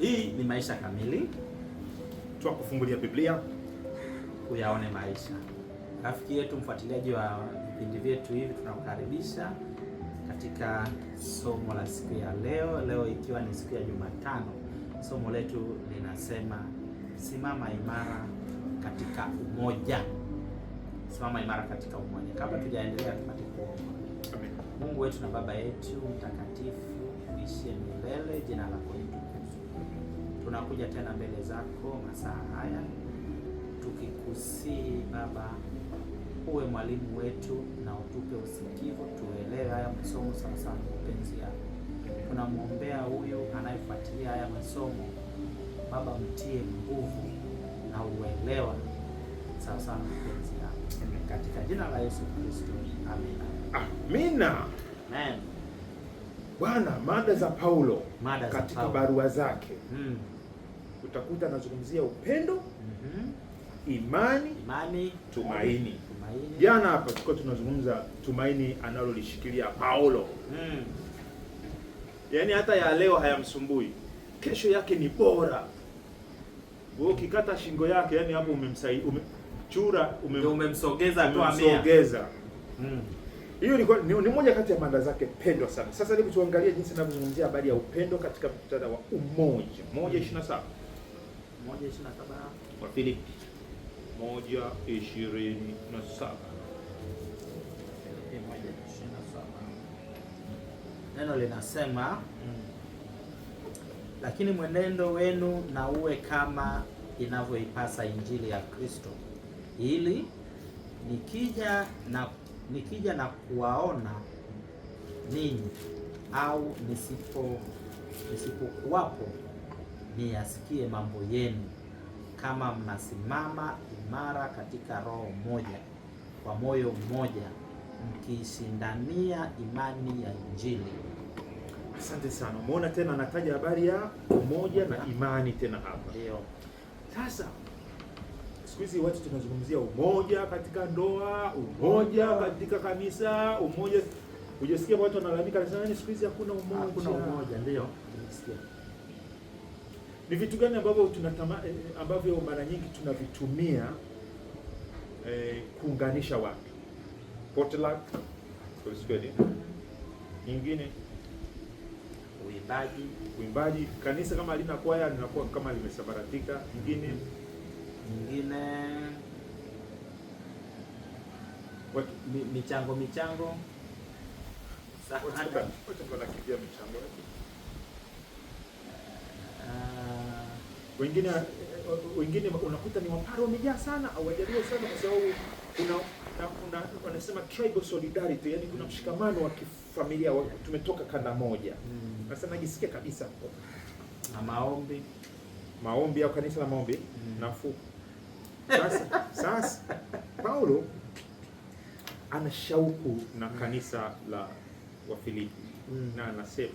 Hii ni Maisha Kamili, kufungulia Biblia uyaone maisha. Rafiki yetu mfuatiliaji wa vipindi vyetu hivi, tunakukaribisha katika somo la siku ya leo, leo ikiwa ni siku ya Jumatano. Somo letu linasema simama imara katika umoja, simama imara katika umoja. Kabla tujaendelea, tupate kuomba. Mungu wetu na Baba yetu mtakatifu, uishie milele, jina lako litukuzwe tunakuja tena mbele zako masaa haya tukikusii Baba, uwe mwalimu wetu na utupe usikivu, tuelewe haya masomo sawasawa na mapenzi yako. Tunamwombea huyu anayefuatilia haya masomo Baba, mtie nguvu na uelewa sawasawa na mapenzi yako, katika jina la Yesu Kristo, amina. Amina. Amen. Bwana, mada za Paulo mada katika barua zake hmm utakuta anazungumzia upendo mm -hmm. imani, imani, tumaini. Jana hapa tulikuwa tunazungumza tumaini analolishikilia Paulo mm. Yaani hata ya leo hayamsumbui, kesho yake ni bora. ukikata shingo yake, yani hapo umemsai ume, chura ume, umemsogeza tu amea. Mm. Hiyo ni, ni moja kati ya mada zake pendwa sana. Sasa hebu tuangalie jinsi anavyozungumzia habari ya upendo katika muktadha wa umoja. Moja ishirini na saba. Wafilipi moja ishirini na saba. Neno linasema mm, lakini mwenendo wenu na uwe kama inavyoipasa Injili ya Kristo, ili nikija na nikija na kuwaona ninyi au nisipo nisipokuwapo niyasikie mambo yenu, kama mnasimama imara katika roho moja, kwa moyo mmoja, mkishindania imani ya Injili. Asante sana. Umeona tena anataja habari ya umoja na imani tena hapa. Ndio. Sasa siku hizi watu tunazungumzia umoja katika ndoa, umoja katika kanisa, umoja. Hujasikia watu wanalalamika, siku hizi hakuna umoja. Hakuna umoja, ndio. Nimesikia. Ni vitu gani ambavyo tunatama, eh, ambavyo mara nyingi tunavitumia eh, kuunganisha watu? Potluck nyingine uimbaji, uimbaji. Kanisa kama lina kwaya linakuwa kama limesambaratika. Nyingine nyingine michango michango Sahana. What's wengine eh, wengine unakuta ni Wapare wamejaa sana au Wajaluo sana, kwa sababu kuna wanasema tribal solidarity, yani kuna mshikamano wa kifamilia, tumetoka kanda moja. Hmm. Sasa mm. najisikia kabisa na maombi maombi au kanisa la maombi mm. nafuu. Sasa sasa Paulo ana shauku na hmm. kanisa la Wafilipi mm. na anasema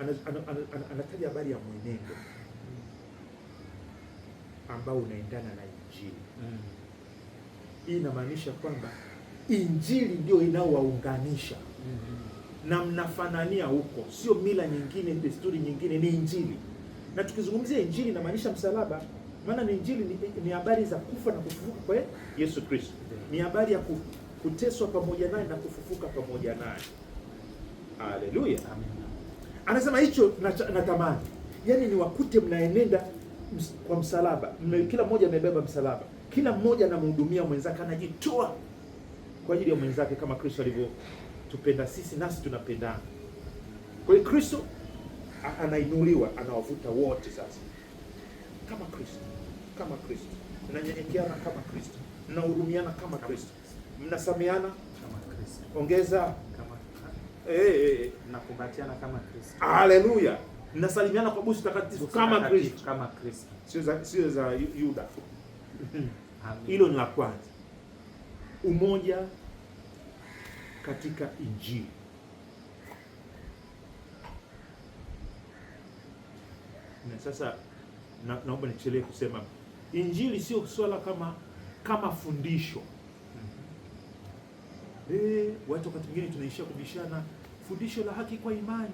anataja ana, ana, ana, ana habari ya mwenendo ambao unaendana na Injili. Mm. Hii inamaanisha kwamba Injili ndio inaowaunganisha. Mm -hmm. Na mnafanania huko, sio mila nyingine, desturi nyingine, ni Injili. Na tukizungumzia Injili inamaanisha msalaba, maana ni Injili ni, habari za kufa na kufufuka kwa Yesu Kristo. Ni habari ya kuteswa pamoja naye na kufufuka pamoja naye. Haleluya. Anasema hicho natamani, yaani niwakute mnaenenda kwa msalaba, kila mmoja amebeba msalaba, kila mmoja anamhudumia mwenzake, anajitoa kwa ajili ya mwenzake kama Kristo alivyotupenda sisi, nasi tunapendana. Kwa hiyo Kristo anainuliwa, anawavuta wote sasa, kama Kristo, kama Kristo mnanyenyekeana kama Kristo, mnahurumiana kama Kristo, mnasameana kama Kristo, ongeza kama eh, eh, eh, mnakumbatiana kama Kristo. Haleluya! nasalimiana kwa busu takatifu kama Kristo, kama Kristo, sio za Yuda. Hilo ni la kwanza, umoja katika Injili. Na sasa na, naomba nichelee kusema Injili sio swala kama kama fundisho. E, watu wakati mwingine tunaishia kubishana fundisho la haki kwa imani.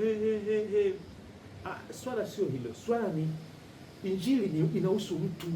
He, eh, eh, he, he, Ah, swala sio hilo. Swala ni injili ni inahusu mtu,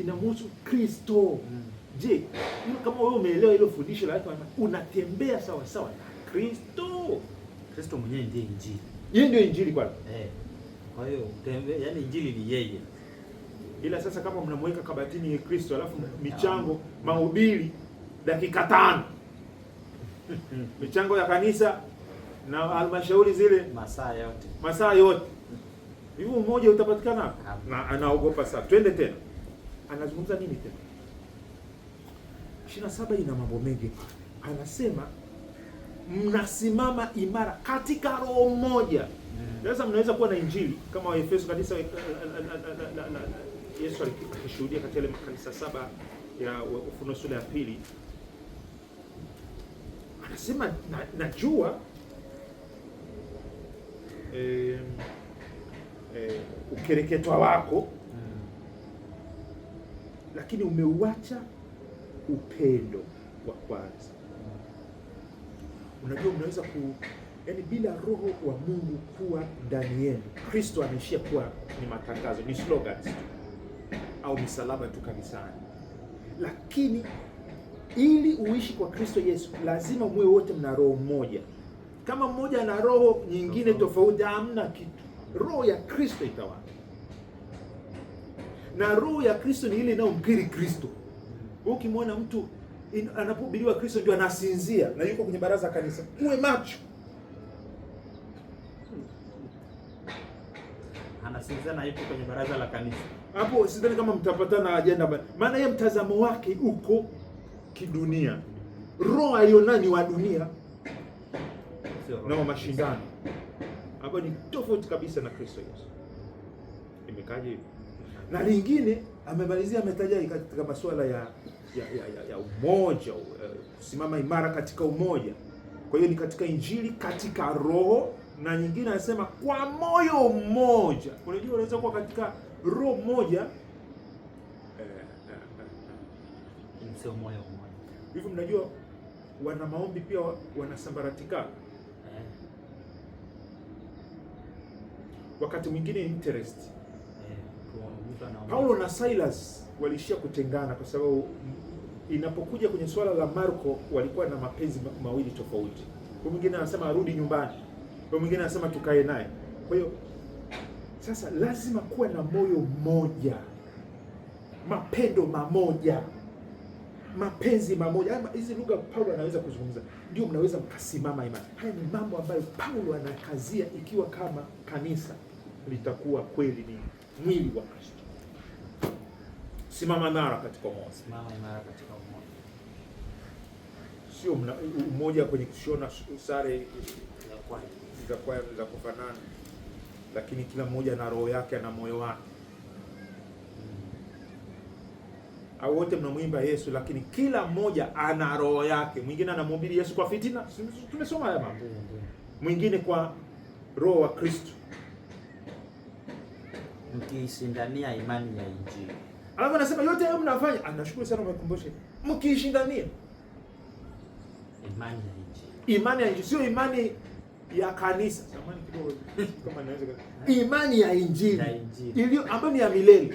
inamhusu Kristo. Mm. Je, kama wewe umeelewa hilo fundisho la unatembea sawa sawa na Kristo. Kristo mwenyewe ndiye injili. Yeye ndio injili kwanza. Eh. Kwa hiyo utembee, yani injili ni yeye. Ila sasa kama mnamweka kabatini Kristo alafu mm. michango mahubiri dakika tano michango ya kanisa na halmashauri zile masaa yote, masaa yote hivyo mmoja utapatikana Na anaogopa sana. Twende tena, anazungumza nini tena? ishirini na saba ina mambo mengi, anasema mnasimama imara katika roho moja. Mm. Sasa mnaweza kuwa na injili kama Waefeso, kanisa eh, eh, eh, Yesu akishuhudia katika ile makanisa saba ya Ufunuo sura ya pili, anasema najua na eh, ukereketwa wako Lakini umeuacha upendo wa kwanza Unajua, mnaweza ku yani, bila roho wa Mungu kuwa ndani yenu, Kristo anaishia kuwa ni matangazo, ni slogans tu au misalaba tu kanisani, lakini ili uishi kwa Kristo Yesu lazima muwe wote mna roho mmoja. Kama mmoja ana roho nyingine tofauti, hamna kitu roho ya Kristo itawala, na roho ya Kristo ni ile inayomkiri Kristo. Ukimwona mtu anapohubiriwa Kristo ndio anasinzia na yuko kwenye baraza kanisa, uwe macho. Anasinzia na yuko kwenye baraza la kanisa. Hapo sidhani kama mtapatana ajenda, maana yeye mtazamo wake uko kidunia, roho aliyonayo ni wa dunia na mashindano ambayo ni tofauti kabisa na Kristo Yesu. Imekaje Na lingine amemalizia, ametaja katika masuala ya ya, ya, ya umoja, uh, kusimama imara katika umoja. Kwa hiyo ni katika injili katika roho, na nyingine anasema kwa moyo mmoja. Unajua, unaweza kuwa katika roho eh, eh, eh, moja hivyo. Mnajua wana maombi pia wanasambaratika wakati mwingine interest. Eh, Paulo na Silas walishia kutengana kwa sababu inapokuja kwenye swala la Marko walikuwa na mapenzi mawili tofauti. Kwa mwingine anasema arudi nyumbani, kwa mwingine anasema tukae naye. Kwa hiyo sasa lazima kuwa na moyo mmoja, mapendo mamoja, mapenzi mamoja. Hizi lugha Paulo anaweza kuzungumza, ndio mnaweza mkasimama imani. Haya ni mambo ambayo Paulo anakazia ikiwa kama kanisa litakuwa kweli ni mwili wa Kristo. Simama nara katika umoja, simama imara katika umoja, sio umoja kwenye kushona sare za kufanana, lakini kila mmoja na roho yake na moyo wake hmm. au wote mnamwimba Yesu lakini kila mmoja ana roho yake. Mwingine anamhubiri Yesu kwa fitina, tumesoma haya mambo. Hmm, hmm. Mwingine kwa roho wa Kristo mkiishindania imani ya Injili. Alafu anasema yote hayo mnafanya, anashukuru sana umekumbusha, mkiishindania imani ya Injili. Imani ya Injili sio imani ya kanisa, imani ya Injili iliyo ambayo ni ya milele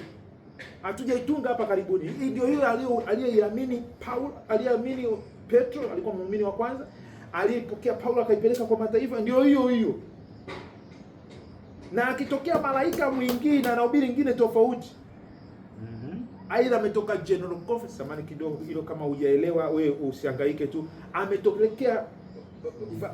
hatujaitunga hapa karibuni. Ndio hiyo aliyeiamini Paulo, aliyeamini Petro, alikuwa muumini wa kwanza, aliyepokea Paulo akaipeleka kwa mataifa, ndio hiyo hiyo na akitokea malaika mwingine anahubiri ingine tofauti mhm. Aidha ametoka general conference, samani kidogo hilo, kama hujaelewa we usihangaike tu, ametokea uh, uh,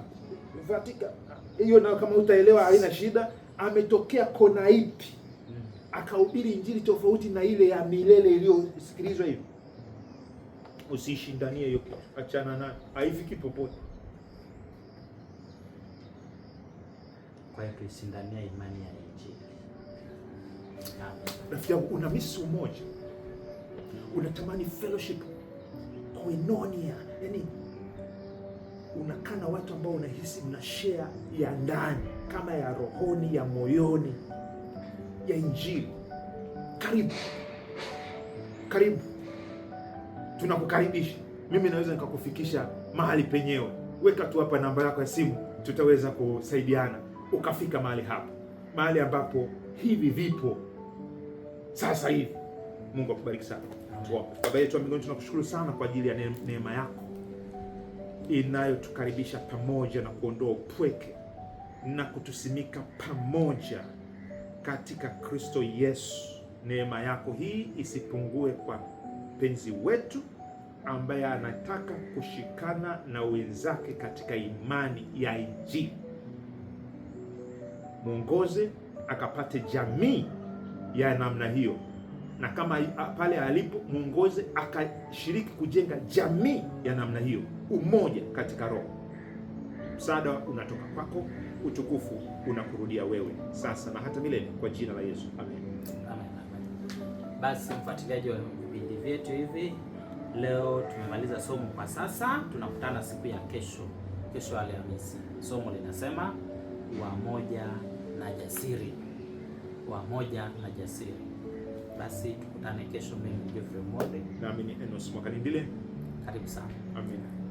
Vatika hiyo, na kama utaelewa haina shida. Ametokea kona ipi mhm. akahubiri injili tofauti na ile ya milele iliyosikilizwa hivi, usishindanie hiyo, achana nayo, haifiki popote. kwa hiyo tuisindania imani ya Injili. Rafiki yangu, una misi umoja, unatamani fellowship, koinonia, yani unakaa na watu ambao unahisi mna share ya ndani kama ya rohoni, ya moyoni, ya Injili. Karibu, karibu, tunakukaribisha. Mimi naweza nikakufikisha mahali penyewe. Weka tu hapa namba yako ya simu, tutaweza kusaidiana ukafika mahali hapo, mahali ambapo hivi vipo sasa hivi. Mungu akubariki sana. Baba yetu wa mbinguni, tunakushukuru sana kwa ajili ya neema yako inayotukaribisha pamoja na kuondoa upweke na kutusimika pamoja katika Kristo Yesu. Neema yako hii isipungue kwa mpenzi wetu ambaye anataka kushikana na wenzake katika imani ya Injili mwongoze akapate jamii ya namna hiyo, na kama pale alipo mwongoze akashiriki kujenga jamii ya namna hiyo, umoja katika roho. Msaada unatoka kwako, utukufu unakurudia wewe sasa na hata milele, kwa jina la Yesu amen. Amen, amen. Basi mfuatiliaji wa vipindi vyetu hivi, leo tumemaliza somo kwa sasa, tunakutana siku ya kesho, kesho Alhamisi. Somo linasema wamoja na jasiri, wamoja na jasiri. Basi tukutane kesho. Mimi Geoffrey Mwode nami ni Enos mwakalindile karibu sana. Amina.